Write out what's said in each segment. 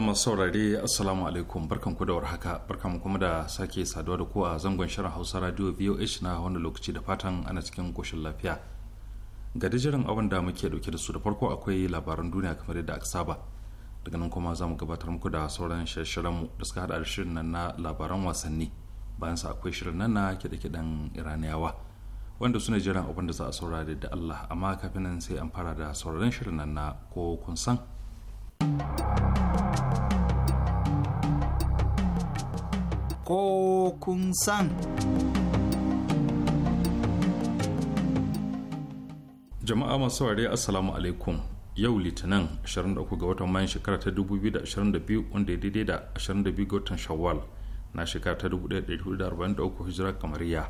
masu saurare assalamu alaikum barkan ku da haka barkan kuma da sake saduwa da ku a zangon shirin hausa radio voh na wani lokaci da fatan ana cikin koshin lafiya ga dijirin abin da muke dauke da su da farko akwai labaran duniya kamar yadda aka saba daga nan kuma za mu gabatar muku da sauran shirye mu da suka hada da shirin nan na labaran wasanni bayan sa akwai shirin nan na kiɗe-kiɗen iraniyawa wanda suna jiran abin da za a saurare da allah amma kafin nan sai an fara da sauraron shirin nan na ko kun san ko kun san. Jama'a masu ware Assalamu alaikum yau litinin 23 ga watan mayan shekara ta 2022 wanda ya daidai da 22 ga watan shawwal na shekara ta 1443 hijira kamariya.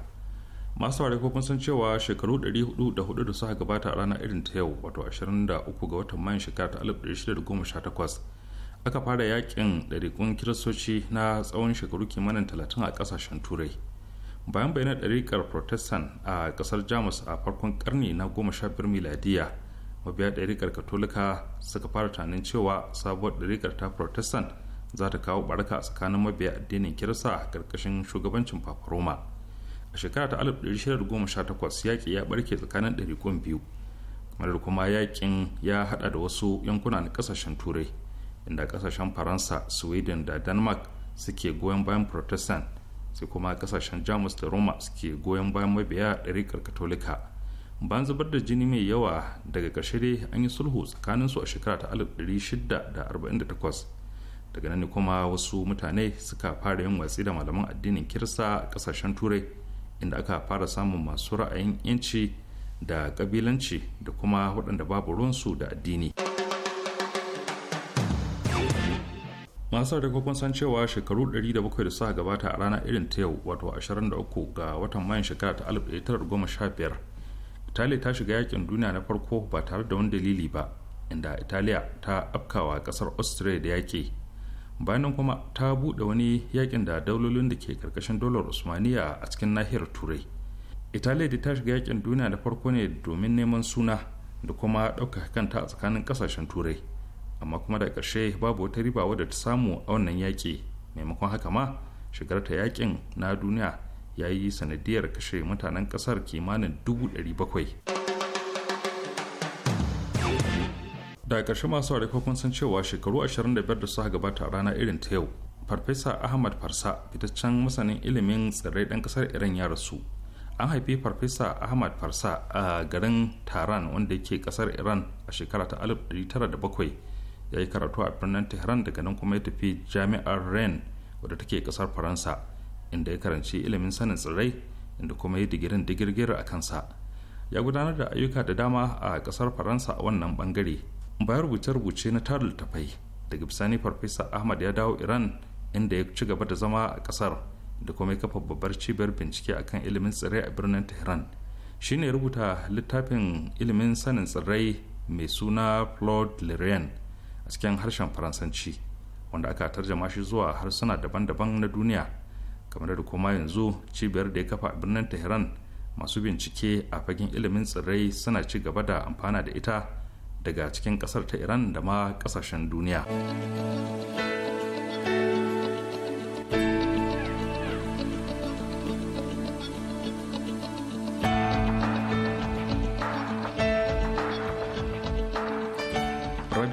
masu ware kun san cewa shekaru 400 da suka gabata a ranar irin ta yau wato 23 ga watan mayan shekara ta 1618 aka fara yakin ɗariƙun kiristoci na tsawon shekaru kimanin talatin a ƙasashen turai bayan bayanan ɗariƙar protestant a ƙasar jamus a farkon ƙarni na goma sha biyar miladiya mabiya ɗariƙar katolika suka fara tunanin cewa sabuwar ɗariƙar ta protestant za ta kawo baraka a tsakanin mabiya addinin kirista a ƙarƙashin shugabancin papa roma a shekara ta 1618 yaƙi ya ɓarke tsakanin ɗariƙun biyu kamar kuma yaƙin ya haɗa da wasu yankuna na ƙasashen turai inda kasashen faransa sweden da denmark suke goyon bayan protestant sai kuma kasashen jamus da roma suke goyon bayan mabiya ɗariƙar katolika bayan zubar da jini mai yawa daga ƙarshe dai an yi sulhu tsakanin su a shekara ta 1648 daga nan kuma wasu mutane suka fara yin watsi da malaman addinin kirsa a ƙasashen turai inda aka fara samun masu ra'ayin yanci da kabilanci da kuma waɗanda babu ruwansu da addini. masu da kokon san cewa shekaru 700 da suka gabata a rana irin ta yau wato 23 ga watan mayan shekara ta 1915 italiya ta shiga yakin duniya na farko ba tare da wani dalili ba inda italiya ta afkawa kasar austria da yake bayan kuma ta buɗe wani yakin da daulolin da ke karkashin dolar usmaniya a cikin nahiyar turai italiya da ta shiga yakin duniya na farko ne domin neman suna da kuma ɗauka kanta a tsakanin ƙasashen turai amma kuma da ƙarshe babu wata riba wadda ta samu a wannan yaƙi maimakon haka ma shigar ta yaƙin na duniya ya yi sanadiyar kashe mutanen ƙasar kimanin dubu ɗari bakwai daga ƙarshe masu aure kwakwan san cewa shekaru 25 da suka gabata rana irin ta yau farfesa ahmad farsa fitaccen masanin ilimin tsirrai ɗan ƙasar iran ya rasu an haifi farfesa ahmad farsa a garin taran wanda yake ƙasar iran a shekara ta 1907 ya yi karatu a birnin tehran daga nan kuma ya tafi jami'ar ren wadda take kasar faransa inda ya karanci ilimin sanin tsirrai inda kuma ya digirin digirgir a kansa ya gudanar da ayyuka da dama a kasar faransa a wannan bangare bayan rubuce-rubuce na tarin littafai daga bisani farfesa ahmad ya dawo iran inda ya ci gaba da zama a kasar da kuma ya kafa babbar cibiyar bincike akan ilimin tsirrai a birnin tehran shi ne rubuta littafin ilimin sanin tsirrai mai suna flood lorraine cikin harshen faransanci wanda aka tarjama shi zuwa harsuna daban-daban na duniya kamar da kuma yanzu cibiyar da ya kafa a birnin tehran masu bincike a fagen ilimin tsirrai suna ci gaba da amfana da ita daga cikin kasar ta iran da ma kasashen duniya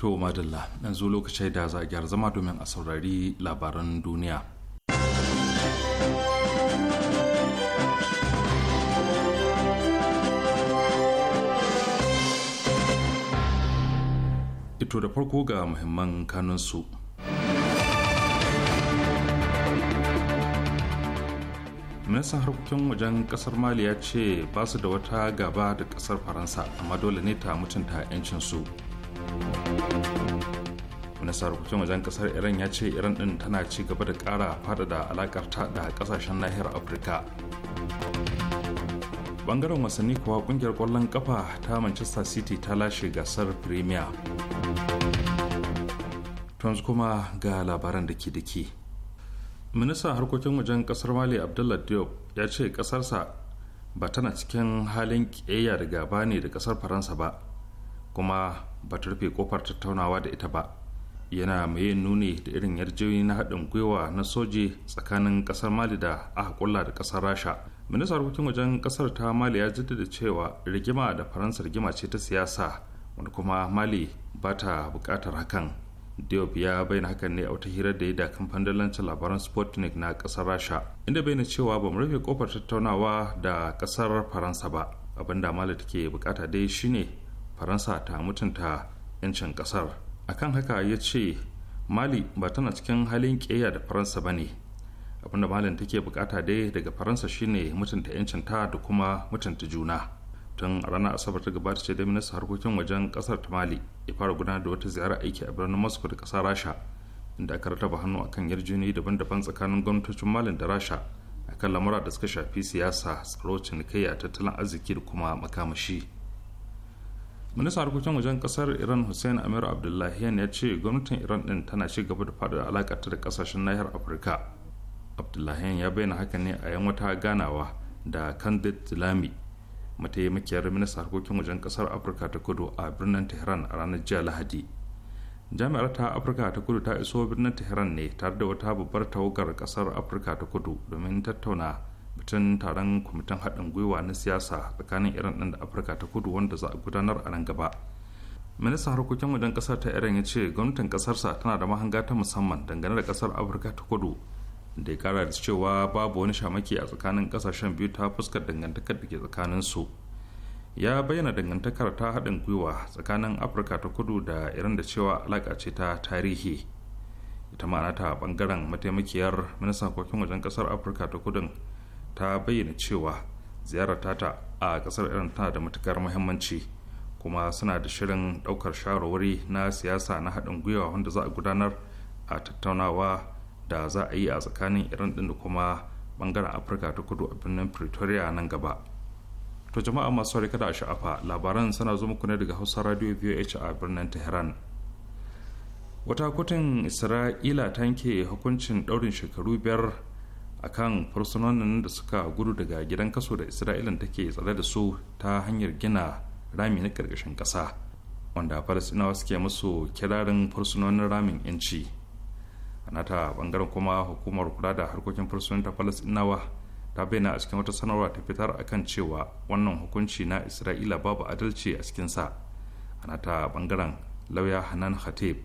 to madalla yanzu lokacin da za a gyara zama domin a saurari labaran duniya ito da farko ga muhimman kanunsu ministan harkokin wajen kasar mali ya ce ba su da wata gaba da kasar faransa amma dole ne ta mutunta 'yancinsu su ministan harkokin wajen kasar iran ya ce iran din tana ci gaba da kara faɗaɗa alakar ta da kasashen nahiyar afirka bangaren wasanni kuwa kungiyar kwallon kafa ta manchester city ta lashe gasar premier tons kuma ga labaran da ke ministan harkokin wajen kasar mali abdullah diop ya ce kasarsa ba tana cikin halin ƙiyayya da gaba ne da kasar faransa ba kuma ba ta rufe kofar tattaunawa da ita ba yana mai nuni da irin yarjejeni na haɗin gwiwa na soji tsakanin ƙasar mali da aka kulla da ƙasar rasha ministan harkokin wajen ƙasar ta mali ya jaddada cewa rigima da faransa rigima ce ta siyasa wanda kuma mali ba ta buƙatar hakan diop ya bayyana hakan ne a wata hirar da ya da kamfanin dalancin labaran sputnik na ƙasar rasha inda bayyana cewa ba mu rufe kofar tattaunawa da ƙasar faransa ba abinda mali take bukata dai shine faransa ta mutunta 'yancin kasar akan haka ya ce mali ba tana cikin halin ƙeya da faransa ba ne abinda malin take bukata dai daga faransa shine mutunta 'yancin ta da kuma mutunta juna tun a ranar asabar ta gabata ce da minista harkokin wajen kasar ta mali ya fara gudanar da wata ziyara aiki a birnin moscow da kasar rasha inda aka rataba hannu akan yarjejeniyoyi daban-daban tsakanin gwamnatocin malin da rasha akan lamura da suka shafi siyasa tsaro cinikayya tattalin arziki da kuma makamashi ministan harkokin wajen kasar iran hussein amir abdullahian ya ce gwamnatin iran din tana ci gaba da faɗaɗa alaƙa da kasashen nahiyar afirka abdullahian ya bayyana haka ne a yan wata ganawa da candid zilami mataimakiyar ministan harkokin wajen kasar afirka ta kudu a birnin tehran a ranar jiya lahadi jami'ar ta afirka ta kudu ta iso birnin tehran ne tare da wata babbar tawagar kasar afirka ta kudu domin tattauna mutum taron kwamitin haɗin gwiwa na siyasa tsakanin iran ɗin da afirka ta kudu wanda za a gudanar a nan gaba ministan harkokin wajen ƙasar ta iran ya ce gwamnatin ƙasarsa tana da mahanga ta musamman dangane da ƙasar afirka ta kudu da ya kara da cewa babu wani shamaki a tsakanin ƙasashen biyu ta fuskar dangantakar da ke tsakanin su ya bayyana dangantakar ta haɗin gwiwa tsakanin afirka ta kudu da iran da cewa alaƙa ce ta tarihi ita ma'ana ta ɓangaren mataimakiyar ministan harkokin wajen ƙasar afirka ta kudun ta bayyana cewa ziyarar tata a kasar irin tana da matukar muhimmanci kuma suna da shirin daukar shawarwari na siyasa na haɗin gwiwa wanda za a gudanar a tattaunawa da za a yi a tsakanin irin din da kuma bangaren afirka ta kudu a birnin pretoria nan gaba to jama'a masu kada a sha'afa labaran suna zo muku ne daga hausa radio voh a birnin tehran wata kotun isra'ila ta yanke hukuncin daurin shekaru biyar akan fursunonin da suka gudu daga gidan kaso da isra'ilan take tsare da su ta hanyar gina rami na ƙarƙashin kasa wanda falasinawa suke musu kirarin fursunonin ramin yanci anata bangaren kuma hukumar kula da harkokin fursunonin ta falasinawa ta bayyana a cikin wata sanarwa ta fitar akan cewa wannan hukunci na isra'ila babu adalci a cikinsa a bangaren lauya hanan khatib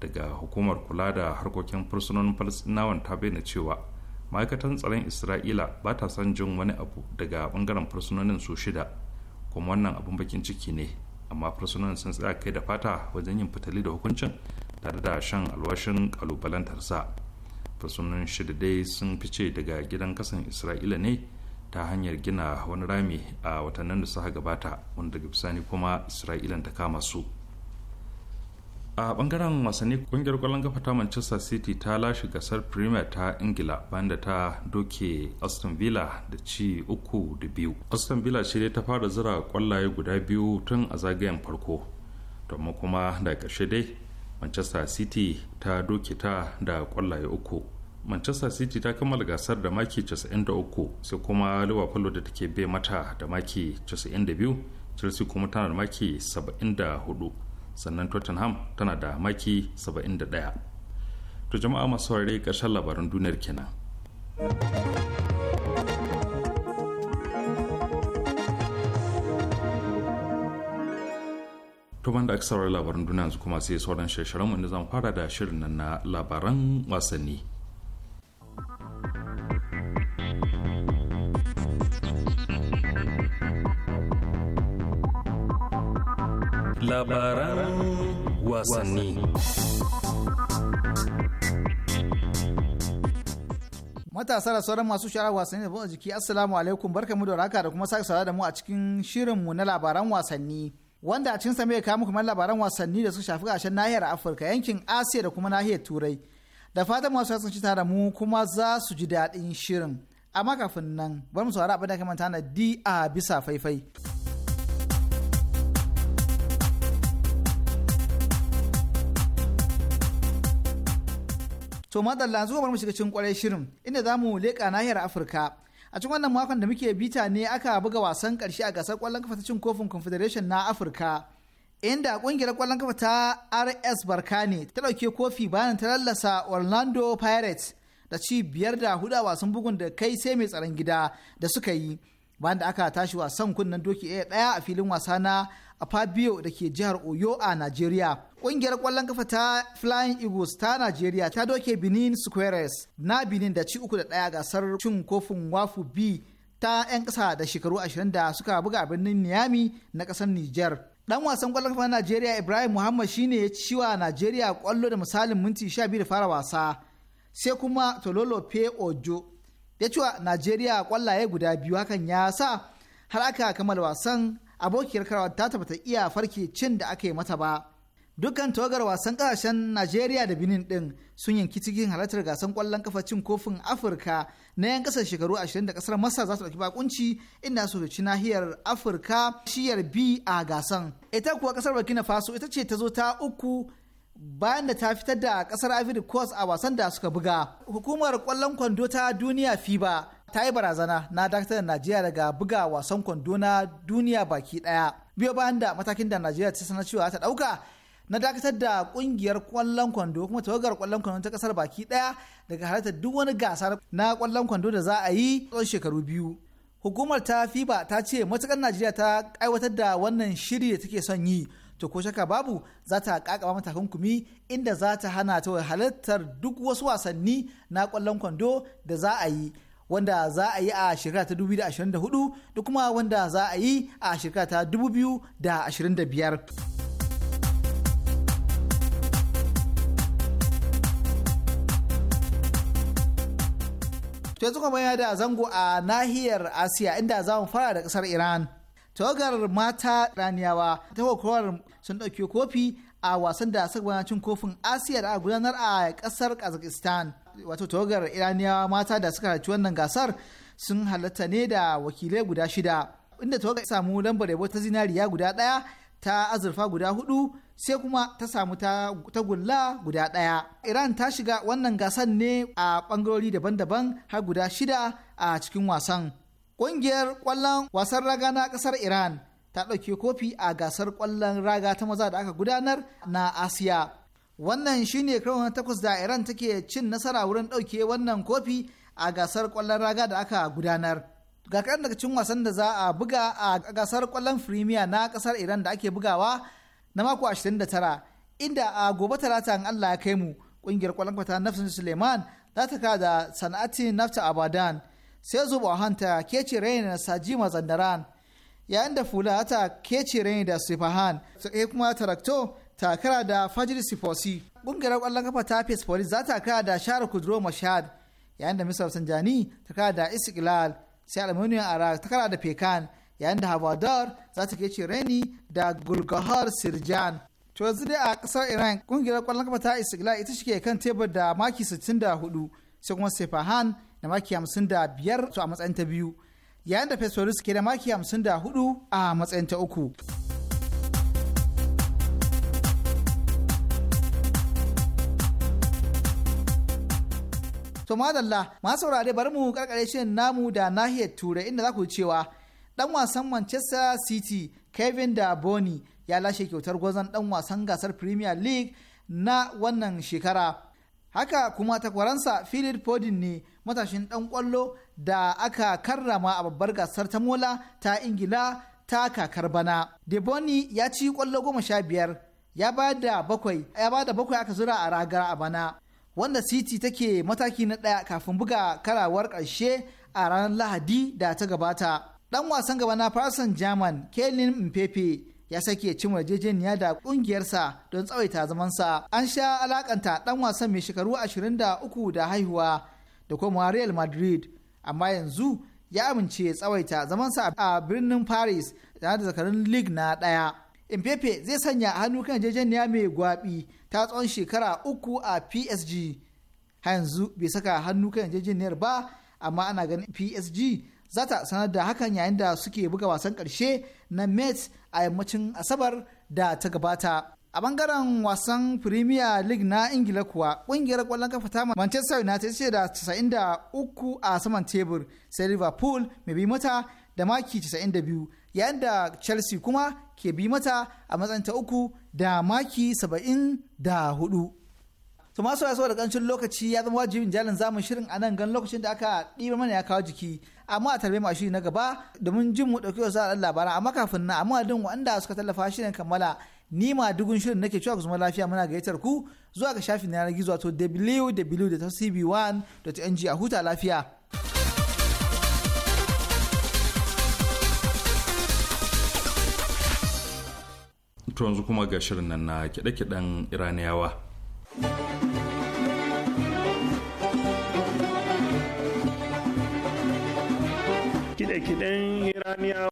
daga hukumar kula da harkokin fursunonin falasinawan ta bayyana cewa ma'aikatan tsaron isra'ila ba ta son jin wani abu daga bangaren fursunonin su shida kuma wannan abun bakin ciki ne amma fursunonin sun tsaya kai da fata wajen yin fitali da hukuncin tare da shan alwashin kalubalantarsa fursunonin shida dai sun fice daga gidan kasan isra'ila ne ta hanyar gina wani rami a watannin da suka gabata wanda daga bisani kuma isra'ilan ta kama su a bangaren wasanni kungiyar kwallon kafa ta manchester city ta lashe gasar premier ta ingila bayan da ta doke aston villa da ci uku da biyu aston villa shi dai ta fara zira kwallaye guda biyu tun a zagayen farko domin kuma da ƙarshe dai manchester city ta doke ta da kwallaye uku manchester city ta kammala gasar da maki 93 sai kuma liverpool da take bai mata da maki 92 chelsea kuma tana da maki 74 sannan tottenham tana da maki 71 to jama'a masu saurare ƙarshen labaran duniyar kenan to da aka saurari labaran duniya yanzu kuma sai sauran shirin mu inda zan fara da shirin nan na labaran wasanni labaran matasa da sauran masu shara wasanni da jiki assalamu alaikum mu da raka da kuma sake saurara da mu a cikin shirinmu na labaran wasanni wanda a cikin sa mai kawo kamar labaran wasanni da suka shafi gashin nahiyar afirka yankin asiya da kuma nahiyar turai da fatan masu yasan ci tare mu kuma za su ji daɗin shirin amma kafin nan bari mu saurari abin da kamanta na di a bisa faifai. to madalla zuwa bar mu shiga cikin kwarai shirin inda zamu mu leƙa nahiyar afirka a cikin wannan makon da muke bita ne aka buga wasan karshe a gasar kwallon kafa ta cin kofin confederation na afirka inda kungiyar kwallon kafa ta rs barkane ta ɗauke kofi bayan ta lallasa orlando pirates da ci biyar da hudu a wasan bugun da kai sai mai tsaron gida da suka yi bayan da aka tashi wasan kunnen doki ɗaya a filin wasa na a Fabio da ke jihar Oyo a Najeriya. Ƙungiyar ƙwallon kafa ta Flying Eagles ta Najeriya ta doke Benin Squares na Benin da ci uku da ɗaya gasar cin kofin wafu B ta 'yan ƙasa da shekaru ashirin da suka buga birnin Niyami na ƙasar Nijar. Dan wasan ƙwallon kafa na Najeriya Ibrahim Muhammad shine ya ci wa Najeriya ƙwallo da misalin minti sha biyu da fara wasa. Sai kuma tololo pe Ojo ya ci wa Najeriya ƙwallaye guda biyu hakan ya sa har aka kammala wasan abokiyar karawa ta tabbata iya farke cin da aka yi mata ba dukkan tawagar wasan kasashen najeriya da benin din sun yanki cikin halartar gasan kwallon kafa cin kofin afirka na yan kasar shekaru 20 da kasar masa za su dauki bakunci inda su ci nahiyar afirka shiyar b a gasan ita kuwa kasar burkina faso ita ce ta zo ta uku bayan da ta fitar da kasar ivory coast a wasan da suka buga hukumar kwallon kwando ta duniya fiba ta yi barazana na dakatar da najeriya daga buga wasan kwando na duniya baki daya biyo bayan da matakin da najeriya ta sanar cewa ta dauka na dakatar da kungiyar kwallon kwando kuma tawagar kwallon kwando ta kasar baki daya daga halartar duk wani gasar na kwallon kwando da za a yi tsawon shekaru biyu hukumar ta fiba ta ce matukar najeriya ta aiwatar da wannan shiri da take son yi to ko shaka babu za ta kakaba matakan kumi inda za ta hana ta halartar duk wasu wasanni na kwallon kwando da za a yi wanda za a yi a shekara ta 2024 da kuma wanda za a yi a shekara ta 2025. To yanzu kuma da zango a nahiyar Asiya inda za mu fara da kasar Iran. Tawagar mata Iraniyawa ta hukumar sun ɗauki kofi a wasan da suka cin kofin Asiya da gudanar a kasar Kazakhstan. wato tawagar iraniyawa mata da suka halarci wannan gasar sun halatta ne da wakilai guda shida inda tawagar samu lambar yabo ta zinariya guda daya ta azurfa guda hudu sai kuma ta samu ta gulla guda daya. Iran ta shiga wannan gasar ne a bangarori daban-daban har guda shida a cikin wasan. Ƙungiyar kwallon wasan raga na ƙasar Iran ta ɗauki kofi a gasar kwallon raga ta maza da aka gudanar na Asiya. wannan shine ne na takwas da iran take cin nasara wurin ɗauke wannan kofi a gasar kwallon raga da aka gudanar ga kaɗan daga cikin wasan da za a buga a gasar kwallon firimiya na ƙasar iran da ake bugawa na mako 29 inda a gobe talata an allah ya kai mu ƙungiyar kwallon kwata nafsin suleiman za ta kada da sana'ati nafta abadan sai zuba hanta kece raina sajima zandaran yayin da fula ta kece raina da sifahan sai kuma tarakto takara da Fajr Sifosi. Ƙungiyar kwallon kafa ta Fesfolis za ta kara da Shara Kudro Mashad yayin da Misar Sanjani ta kara da isiklal sai Aluminium Arak ta kara da Pekan yayin da Havadar za ta kece Reni da Gulgahar Sirjan. To yanzu dai a ƙasar Iran kungiyar kwallon kafa ta isiklal ita ke kan tebur da maki 64 sai kuma Sefahan da maki 55 a matsayin ta biyu yayin da Fesfolis ke da maki 54 a matsayin ta uku. To madalla ma saurare bari mu karkare shirin namu da nahiyar turai inda za ku cewa dan wasan Manchester City Kevin da Boni ya lashe kyautar gwazon dan wasan gasar Premier League na wannan shekara. Haka kuma takwaransa Philip podin ne matashin dan kwallo da aka karrama a babbar gasar ta mola ta Ingila ta kakar bana. deboni ya ci kwallo goma sha biyar ya ba da bakwai aka zura a ragara a bana. wanda city take mataki na ɗaya kafin buga karawar ƙarshe a ranar lahadi da ta gabata dan wasan gaba na faransan german kelin mpepe ya sake cin yarjejeniya da ƙungiyarsa don tsawaita zamansa an sha alakanta ɗan wasan mai shekaru 23 da haihuwa da kuma real madrid amma yanzu ya amince tsawaita zamansa a birnin paris da zakarun league na ɗaya Mpepe zai sanya hannu kan yarjejeniya mai gwabi ta tsawon shekara uku a PSG. Har yanzu bai saka hannu kan yarjejeniyar ba, amma ana ganin PSG za ta sanar da hakan yayin da suke buga wasan karshe na Mets a yammacin Asabar da ta gabata. A bangaren wasan Premier League na Ingila kuwa ƙungiyar ƙwallon kafa ta Manchester United ce da uku a saman tebur sai Liverpool mai bi mata da maki 92 yayin da chelsea kuma ke bi mata a matsayin ta uku da maki saba'in da hudu to masu yaso da kancin lokaci ya zama wajibin jalin zamun shirin a nan gan lokacin da aka ɗiba mana ya kawo jiki amma a tarbe mashi na gaba domin jin mu ɗauki wasu al'adun labaran amma kafin na amma din wanda suka tallafa shirin kammala ni ma dugun shirin nake cewa ku zama lafiya muna gayyatar ku zuwa ga shafin yanar gizo wato wwwtcb 1ng a huta lafiya. to yanzu kuma ga shirin nan na kiɗe-kiɗen iraniyawa kiɗe-kiɗen iraniyawa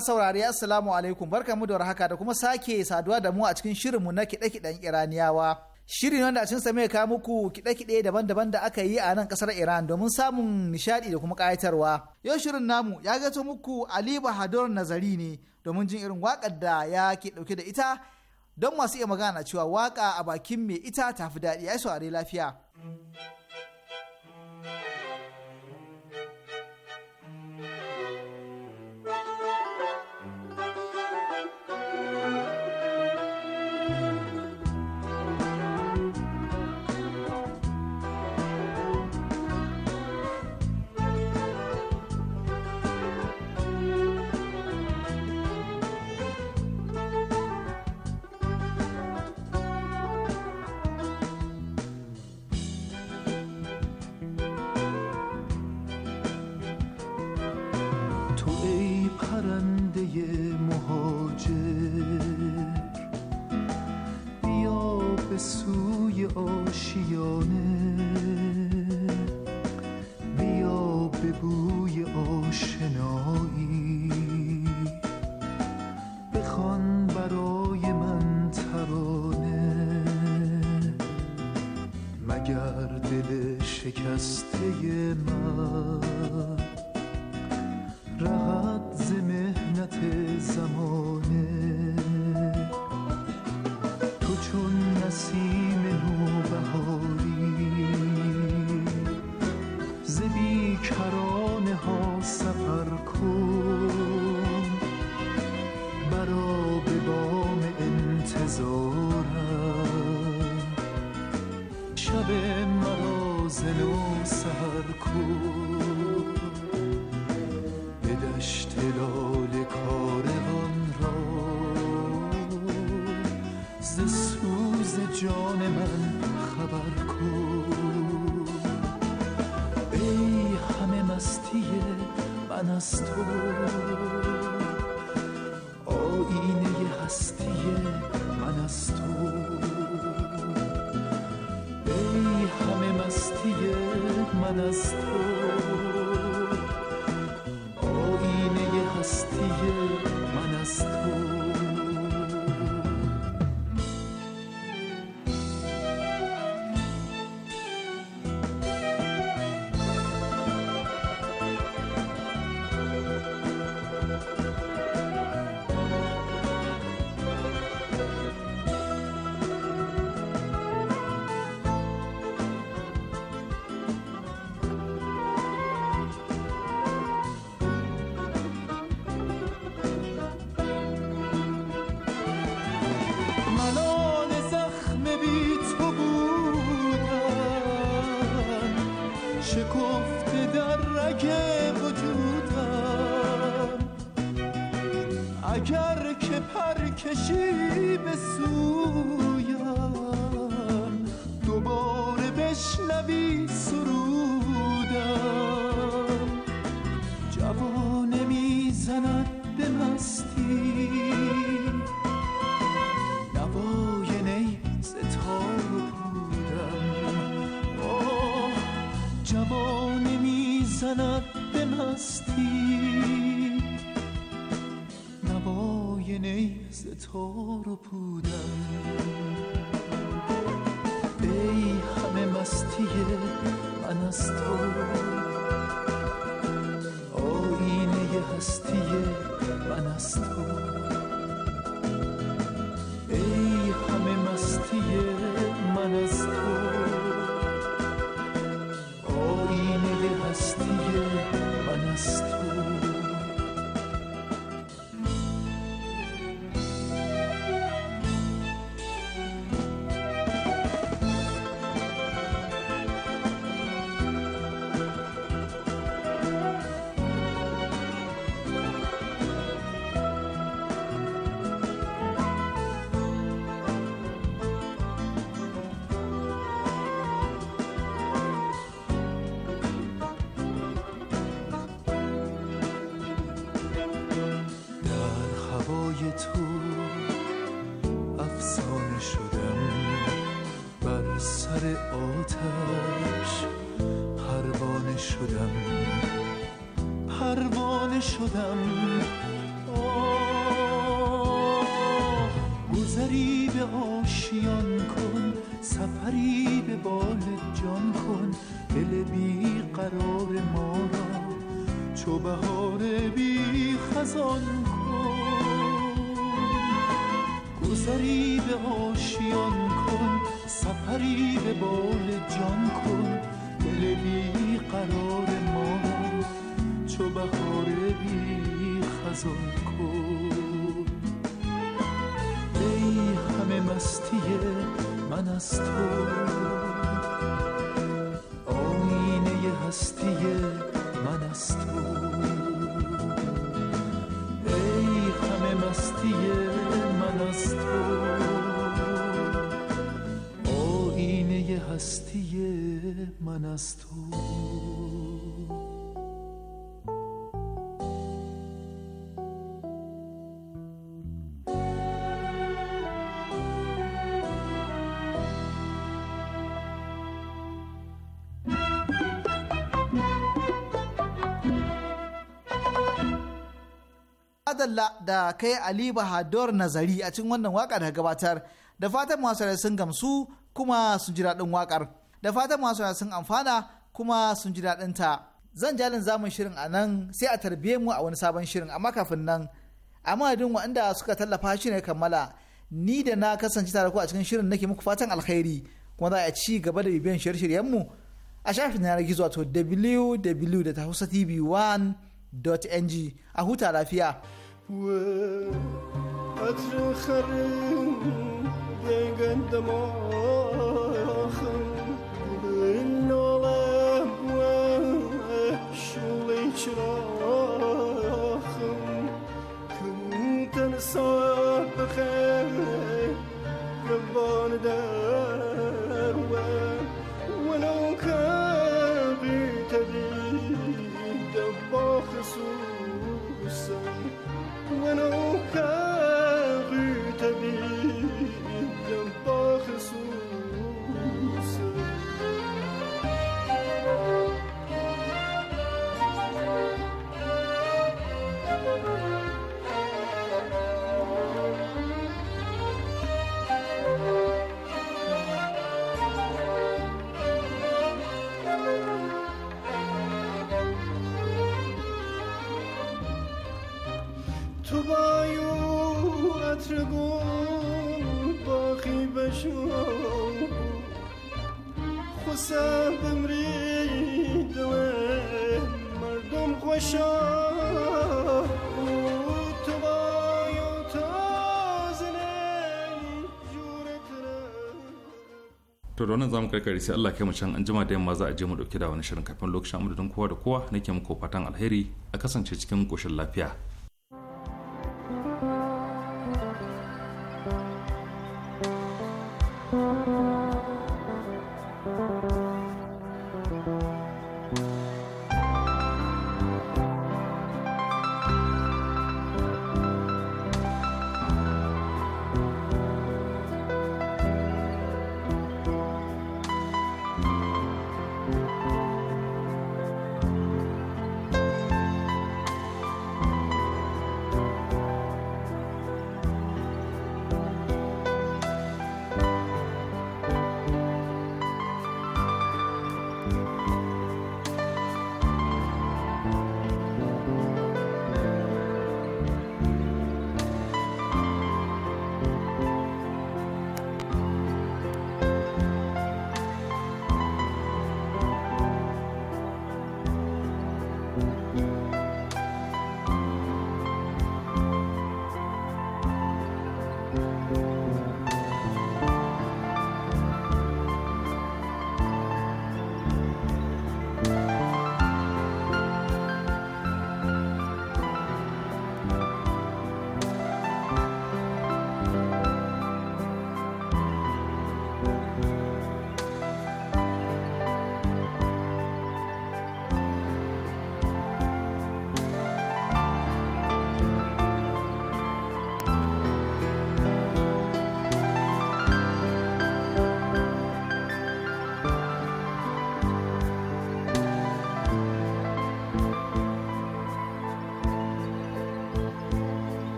saurari assalamu alaikum barkamu da warhaka da kuma sake saduwa da mu a cikin shirinmu na kiɗe-kiɗen iraniyawa shirin wanda a cinsa mai muku kiɗe-kiɗe daban-daban da aka yi a nan ƙasar Iran domin samun nishaɗi da kuma ƙayatarwa. Yau shirin namu ya gato muku Ali Bahadur Nazari ne domin jin irin wakar da ya ke ɗauke da ita don masu iya magana cewa waƙa a bakin mai ita tafi daɗi ya saurari lafiya. پیکرانه ها سفر کن از تو آینه هستی من از تو ای همه مستی من از تو شی به سویم دوباره بشنوی سرودم جوانه میزند به مستی نوای نیز بودم آه جوانه میزند به ستاره بودم ای همه مستی من از تو کن ای همه مستی من از تو آینه هستی من از تو ای همه مستی من از تو آینه هستی من از تو madalla da kai Ali Bahadur nazari a cikin wannan waka da gabatar da fatan masu sun gamsu kuma sun ji daɗin wakar da fatan masu sun amfana kuma sun ji daɗin ta zan jalin zamun shirin a nan sai a tarbiye mu a wani sabon shirin amma kafin nan a madadin waɗanda suka tallafa shi ne kammala ni da na kasance tare ku a cikin shirin nake muku fatan alkhairi kuma za a ci gaba da bibiyan shirye-shiryen mu a shafin yanar gizo wato www.hausatv1.ng a huta lafiya. و عطر خرم دنگن دماخم این نالم و شولی چراخم کم تنسان to da wannan zamu karkare sai Allah kai mu can an jima da yamma za a je mu dauke da wani shirin kafin lokacin amudadin kowa da kowa nake muku fatan alheri a kasance cikin koshin lafiya